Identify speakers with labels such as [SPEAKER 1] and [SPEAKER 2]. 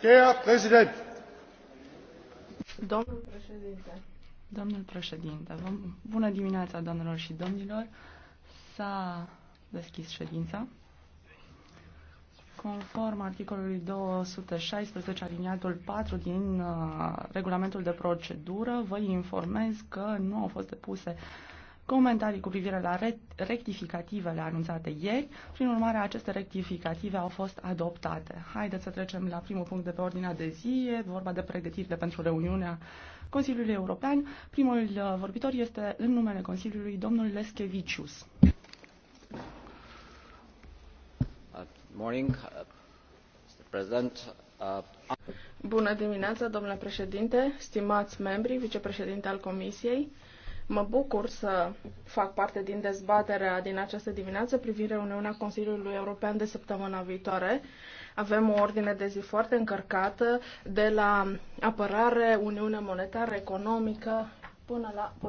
[SPEAKER 1] Domnul
[SPEAKER 2] președinte,
[SPEAKER 3] domnul președinte, bună dimineața, doamnelor și domnilor. S-a deschis ședința. Conform articolului 216 aliniatul 4 din uh, regulamentul de procedură, vă informez că nu au fost depuse uh, comentarii cu privire la rectificativele anunțate ieri. Prin urmare, aceste rectificative au fost adoptate. Haideți să trecem la primul punct de pe ordinea de zi. E vorba de pregătirile pentru reuniunea Consiliului European. Primul uh, vorbitor este în numele Consiliului domnul Leschevicius. Uh,
[SPEAKER 1] morning, uh, President.
[SPEAKER 3] Bună dimineața,
[SPEAKER 2] domnule președinte, stimați membri, vicepreședinte al Comisiei. Mă bucur să fac parte din dezbaterea din această dimineață privind reuniunea Consiliului European de săptămâna viitoare. Avem o ordine de zi foarte încărcată de la apărare, Uniune Monetară, Economică până la